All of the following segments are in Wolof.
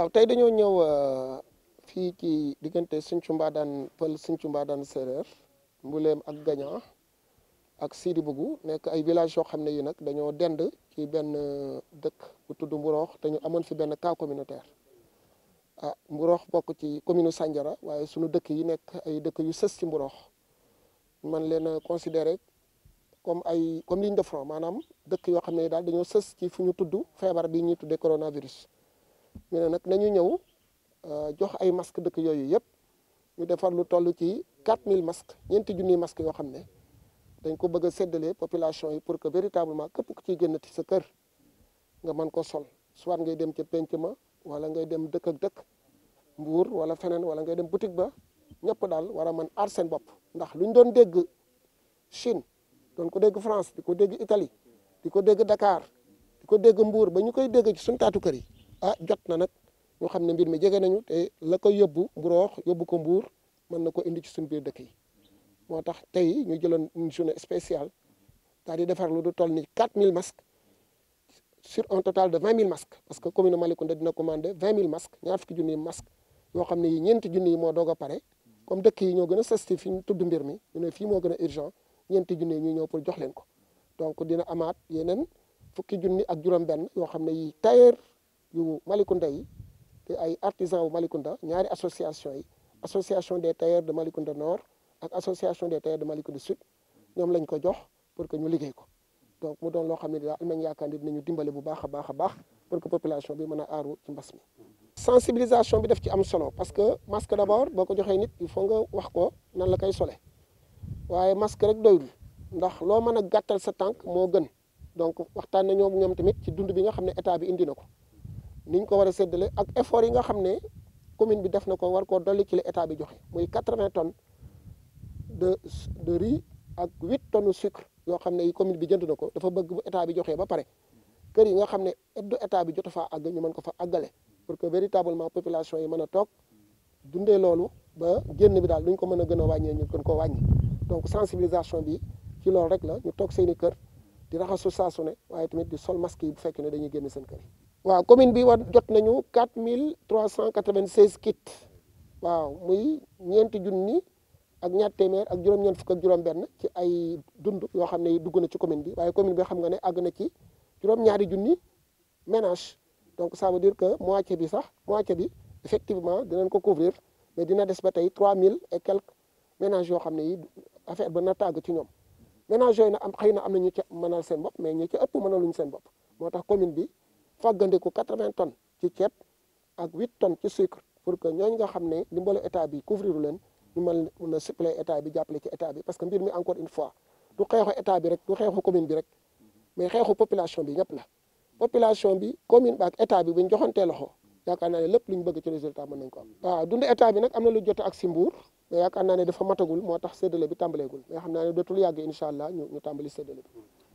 waaw tey dañoo ñëw euh, fii ci diggante Sinthiou Mbadane Pël Sinthiou Mbadane Séeréer Mbuleem ak gaña ak Sidi Bougou nekk ay village yoo xam ne yi nag dañoo dend ci benn euh, dëkk bu tudd Mburoox te ñu amoon fi benn cas communautaire ah Mburoox bokk ci commune Sandiara waaye sunu dëkk yi nekk ay dëkk yu sës ci Mburoox man leen a considéré comme ay comme ligne de front maanaam dëkk yoo xam ne daal dañoo sës ci fu ñu tudd feebar bi ñuy tuddee coronavirus ñu ne nag nañu ñëw euh, jox ay masque dëkk yooyu yëpp ñu defar lu toll ci 4000 masques ñeenti junni masques yoo xam ne dañ ko bëgg a séddale population yi pour que véritablement képp ku ciy génn ci sa kër nga mën ko sol soit ngay dem ci penc ma wala ngay dem dëkk ak dëkk mbuur wala feneen wala ngay dem boutique ba ñëpp daal war a mën aar seen bopp ndax lu ñu doon dégg Chine doon ko dégg France di ko dégg itali di ko dégg dakaar di ko dégg Mbuur ba ñu koy dégg ci suñu kër yi ah jot na nag ñu xam mbir mi jege nañu té la ko yóbbu mburoox yobbu ko mbuur man nako indi ci sun biir dëkk yi motax tay ñu jëloon une journée spéciale daal di défar lu du toll ni 4000 masques sur un total de 20000 masques parce que commune Malicounda dina commandé 20000 masques ñaar fukki jooni masques yo xamne ne yi ñeenti junni yi moo doog comme dëkk yi ñoo gëna sesti fi tuddu mbir mi ñu ne fii moo gën urgent ñeenti junni ñu ñoo pour jox leen ko donc dina amaat yenen fukki jooni ak juroom ben yo xamne yi tailleur yu Malicounda yi te ay artisan wu Malicounda ñaari association yi association des tailleurs de Malicounda Nord ak association des tailleurs de Malicounda Sud ñoom lañ ko jox pour que ñu liggéey ko donc mu doon loo xam ne daal am nañ yaakaar ne dinañu dimbale bu baax a baax a baax pour que population bi mën a aaru ci mbas mi sensibilisation bi def ci am solo parce que masque d'abord boo ko joxee nit il faut nga wax ko nan la koy sole waaye masque rek doyul ndax loo mën a gàttal sa tànk moo gën donc waxtaan na ñoom ñoom tamit ci dund bi nga xam ne état bi indi na ko niñ ko war a séddale ak effort yi nga xam ne commune bi def na ko war koo dolli ci la état bi joxe muy 80 tonnes de de riz ak 8 tonnes sucre yoo xam ne yi commune bi jënd na ko dafa bëgg bu état bi joxee ba pare kër yi nga xam ne aide état bi jota faa àgg ñu mën ko fa àggale pour que véritablement population yi mën a toog dundee loolu ba génn bi daal duñ ko mën a gën a wàññee ñu gën ko wàññi donc sensibilisation bi ci loolu rek la ñu toog seen i kër di raxasu saasu ne waaye tamit di sol masque yi bu fekkee ne dañuy génn seen kër waaw commune bi war jot nañu quatre mille trois cent quatre vingt seize kit waaw muy ñeenti junni ak ñaar téeméer ak juróom-ñeent fukk ak juróom-benn ci ay dund yoo xam ne dugg na ci commune bi waaye commune bi xam nga ne àgg na ci juróom-ñaari junni ménage donc ça veut dire que moitié bi sax moitié bi effectivement dinañ ko couvrir mais dina des ba tey trois mille et quelques ménage yoo xam ne yi affaire ba na tàgg ci ñoom ménage yooy na am xëy na am na ñu ci mënal seen bopp mais ñu ci ëpp mënaluñ seen bopp moo tax commune bi fàggandiku 80 tonnes ci ceeb ak 8 tonnes ci sucre pour que ñooñu nga xam ne dimbalu état bi couvrir leen ñu mën mun a supplé état bi jàppale ci état bi parce que mbir mi encore une fois du xeexu état bi rek du xeexu commune bi rek mais xeexu population bi ñëpp la population bi commune bi ak état bi bu ñu joxantee loxo yaakaar naa ne lépp lu ñu bëgg ci résultat mën nañ ko am. waaw dund état bi nag am na lu jot ak si mbuur mais yaakaar naa ne dafa matagul moo tax séddale bi tàmbaleegul mais xam naa dootul yàgg incha allah ñu ñu tàmbali séddale bi.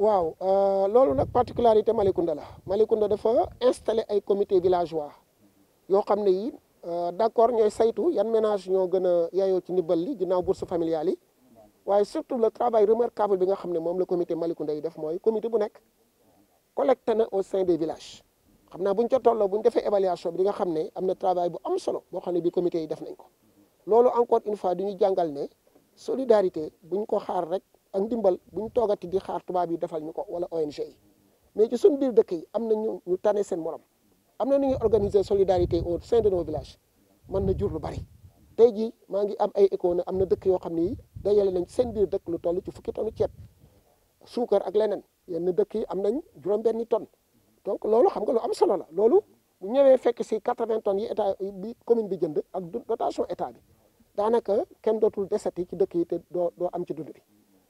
waaw euh, loolu nak particularité malikunda la Malikunda dafa installer ay comité villageois yo xamné ne yi euh, d' accord ñooy saytu yan ménage ñoo gëna a ci ndimbal li ginnaaw bourse familiale yi surtout le travail remarquable bi nga xamné mom le comité malikunda yi def moy comité bu nek collecté na au sein des villages xamna naa bu tollo ca tolloo évaluation bi nga xamné amna travail bu am solo bo xamné bi comité yi def nañ ko loolu encore une fois duñu ñu jàngal ne solidarité buñ ko xaar rek ak ndimbal bu ñu toogati di xaar tubaab yi defal ñu ko wala ONG yi mais ci suñ biir dëkk yi am na ñu ñu tane seen morom am na nu ñuy organiser solidarité au sein de nos villages mën na jur lu bari tey jii maa ngi am ay écho ne am na dëkk yoo xam ni yi dajale nañ seen biir dëkk lu toll ci fukki tonu ceeb suukar ak leneen yenn dëkk yi am nañ juróom-benni tonne donc loolu xam nga lu am solo la loolu bu ñëwee fekk si 80 tonnes yi état bi commune bi jënd ak dotation état daanaka kenn dootul desati ci dëkk yi te doo doo am ci dund bi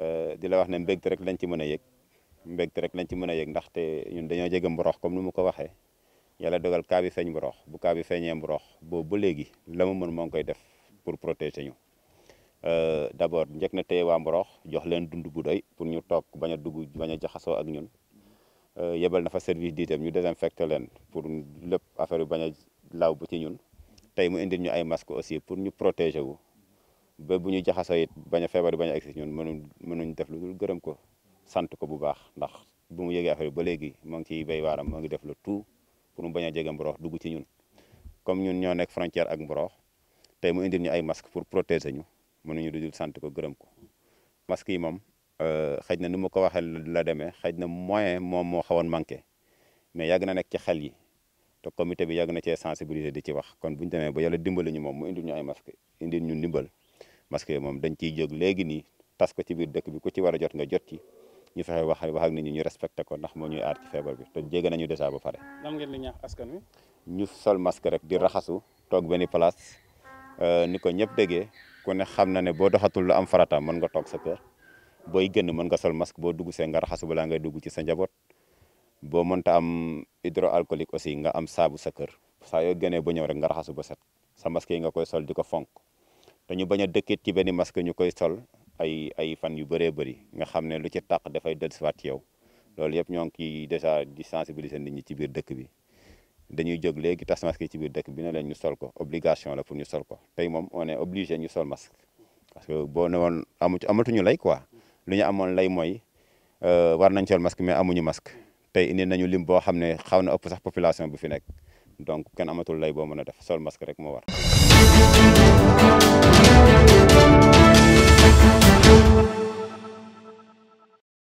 Euh, di la wax ne mbégte rek lañ ci mën a yëg mbégte rek lañ ci mën a yëg ndaxte ñun dañoo jege mborox comme ni mu ko waxee yàlla dogal kaa bi feeñ mborox bu kaa bi feeñee mborox boobu ba léegi la mu mën moo ngi koy def pour protéger ñu euh, d' abord njëkk na téye waa mborox jox leen dund bu doy pour ñu toog bañ a dugg bañ a jaxasoo ak ñun euh, yebal na fa service diitam ñu désinfecté leen pour lépp affaire yu bañ a laaw ba ci ñun tey mu indi ñu ay masque aussi pour ñu protéger wu ba bu ñu jaxasoo it bañ a feebar bañ a ñun mënuñ mënuñ def lu dul gërëm ko sant ko bu baax ndax bu mu yëgee affaire ba léegi moo ngi ciy béy waaram moo ngi def le tout pour mu bañ a jege mboroox dugg ci ñun comme ñun ñoo nekk frontière ak mboroox tey mu indi ñu ay masque pour protéger ñu mënuñu dudul sant ko gërëm ko masque yi moom euh, xëj na ni mu ko waxee la demee xëj na moyen moom moo xawoon manqué mais yàgg na nekk ci xel yi te comité bi yàgg na cee sensibiliser di ci wax kon bu demee ba yàlla dimbali ñu moom mu indil ñu ay masque indil ñu ndimbal parce que mom dañ ciy jog légui ni tas ko ci biir dëkk bi ku ci wara jot nga jot ci ñu fexé wax wax ak nit ñi ñu respecté ko ndax mo ñuy art ci feebar bi te jéggi nañu déssa ba lam ngeen di ñaax askan wi. ñu sol masque rek di raxasu tok benn place euh niko déggé ku ne xam na né bo doxatul lu am farata mën nga tok sa kër monga gën mën nga sol masque bo dugg sé nga raxasu bala nga dugg ci sa bo boo am hydroalcoolique aussi nga am sabu sa kër sa yo gëné ba ñëw rek nga raxasu ba set sa masque yi nga koy sol duka fonk. te ñu bañ a dëkkit ci benn masque ñu koy sol ay ay fan yu bëree bëri nga xam ne lu ci tàq dafay dellusiwaat ci yow loolu yëpp ñoo ngi ciy dèjà di sensibilisé nit ñi ci biir dëkk bi dañuy jóg léegi tas masque yi ci biir dëkk bi ne leen ñu sol ko obligation la pour ñu sol ko tey moom on est obligé ñu sol masque parce que boo ne woon amu amatuñu lay quoi lu ñu amoon lay mooy euh, war nañ sol masque mais amuñu masque tey indi nañu lim boo xam ne xaw na ëpp sax population bi fi nekk donc kenn lay boo mën a def sol masque rek moo war